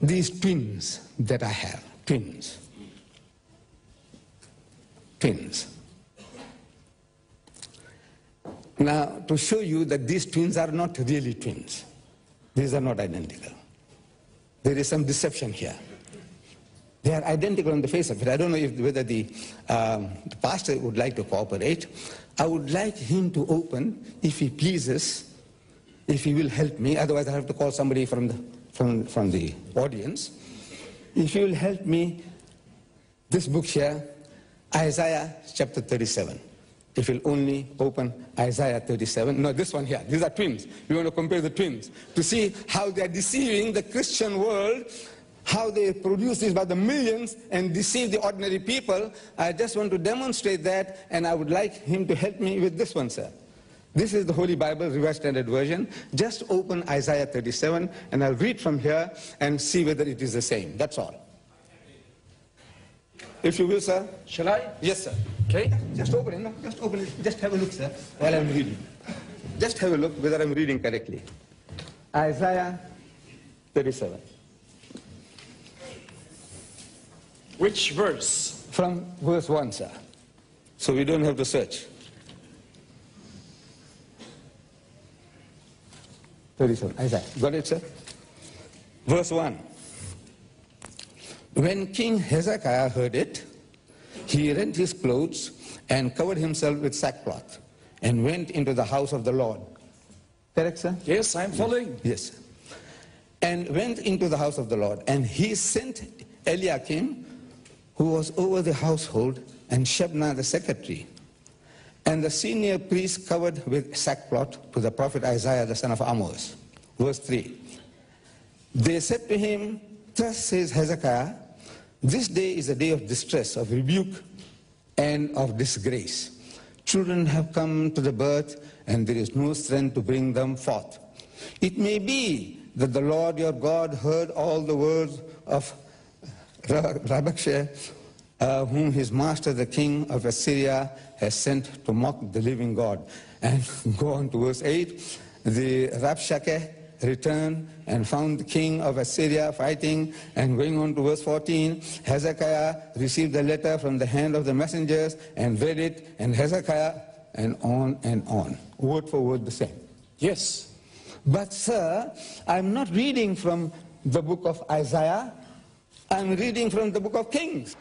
these twins that I have, twins, twins. Now, to show you that these twins are not really twins, these are not identical. There is some deception here. They are identical on the face of it. I don't know if, whether the, um, the pastor would like to cooperate. I would like him to open, if he pleases, if he will help me. Otherwise, I have to call somebody from the from, from the audience, if you will help me, this book here, Isaiah chapter 37. If you'll only open Isaiah 37, no, this one here, these are twins. We want to compare the twins to see how they are deceiving the Christian world, how they produce this by the millions and deceive the ordinary people. I just want to demonstrate that, and I would like him to help me with this one, sir. This is the Holy Bible, Revised Standard Version. Just open Isaiah 37, and I'll read from here and see whether it is the same. That's all. If you will, sir. Shall I? Yes, sir. Okay. Just open it. No? Just open it. Just have a look, sir, while I'm reading. Just have a look whether I'm reading correctly. Isaiah 37. Which verse? From verse 1, sir. So we don't have to search. 37. Isaiah. Got it, sir? Verse 1. When King Hezekiah heard it, he rent his clothes and covered himself with sackcloth and went into the house of the Lord. Correct, sir? Yes, I'm following. Yes. And went into the house of the Lord. And he sent Eliakim, who was over the household, and Shebna the secretary, and the senior priest covered with sackcloth to the prophet Isaiah, the son of Amos. Verse 3. They said to him, Thus says Hezekiah, this day is a day of distress, of rebuke, and of disgrace. Children have come to the birth, and there is no strength to bring them forth. It may be that the Lord your God heard all the words of Rabakshah, uh, whom his master, the king of Assyria, has sent to mock the living God. And go on to verse 8. The Rabshakeh returned and found the king of Assyria fighting. And going on to verse 14, Hezekiah received the letter from the hand of the messengers and read it, and Hezekiah, and on and on. Word for word the same. Yes. But, sir, I'm not reading from the book of Isaiah, I'm reading from the book of Kings.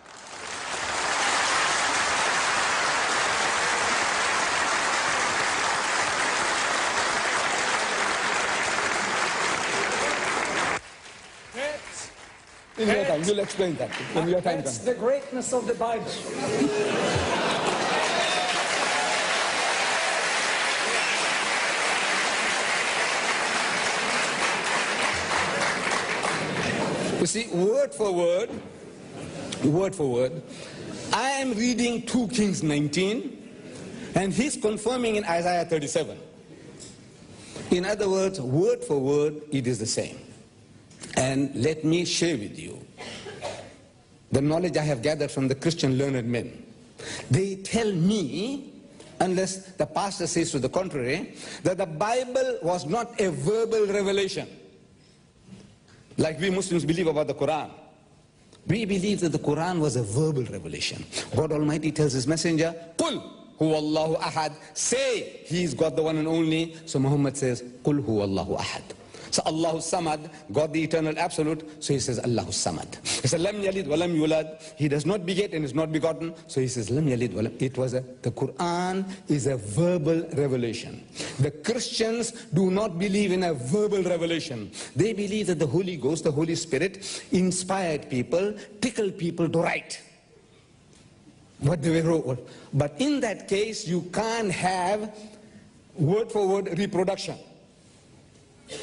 In your time, you'll explain that In your time That's the greatness of the Bible. You see, word for word, word for word, I am reading 2 Kings 19, and he's confirming in Isaiah 37. In other words, word for word, it is the same. And let me share with you the knowledge I have gathered from the Christian learned men. They tell me, unless the pastor says to the contrary, that the Bible was not a verbal revelation. Like we Muslims believe about the Quran. We believe that the Quran was a verbal revelation. God Almighty tells His messenger, Qul huwallahu ahad. Say, He's God the one and only. So Muhammad says, Qul huwallahu ahad. So Allahu Samad, God the eternal absolute. So he says Allahu Samad. He said Lam Yalid Walam Yulad. He does not beget and is not begotten. So he says Lam Yalid Walam. It was a, the Quran is a verbal revelation. The Christians do not believe in a verbal revelation. They believe that the Holy Ghost, the Holy Spirit, inspired people, tickled people to write what they wrote. But in that case, you can't have word for word reproduction.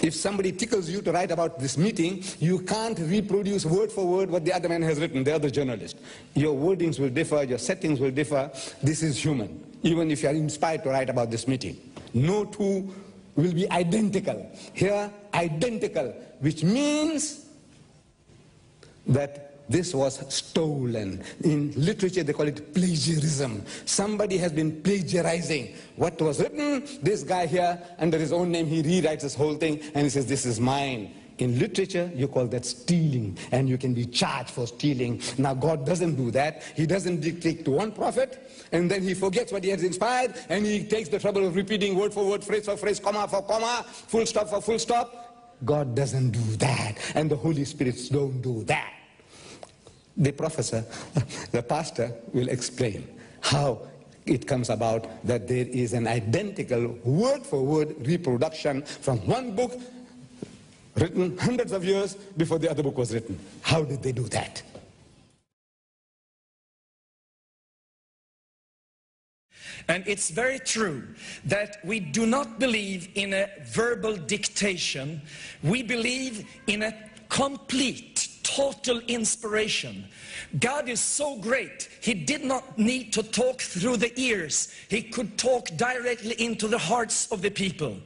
If somebody tickles you to write about this meeting, you can't reproduce word for word what the other man has written, the other journalist. Your wordings will differ, your settings will differ. This is human, even if you are inspired to write about this meeting. No two will be identical. Here, identical, which means that this was stolen. In literature, they call it plagiarism. Somebody has been plagiarizing what was written. This guy here, under his own name, he rewrites this whole thing and he says, This is mine. In literature, you call that stealing, and you can be charged for stealing. Now, God doesn't do that. He doesn't dictate to one prophet, and then he forgets what he has inspired, and he takes the trouble of repeating word for word, phrase for phrase, comma for comma, full stop for full stop. God doesn't do that, and the Holy Spirits don't do that the professor, the pastor will explain how it comes about that there is an identical word-for-word -word reproduction from one book written hundreds of years before the other book was written. How did they do that? And it's very true that we do not believe in a verbal dictation. We believe in a complete total inspiration. God is so great, he did not need to talk through the ears. He could talk directly into the hearts of the people.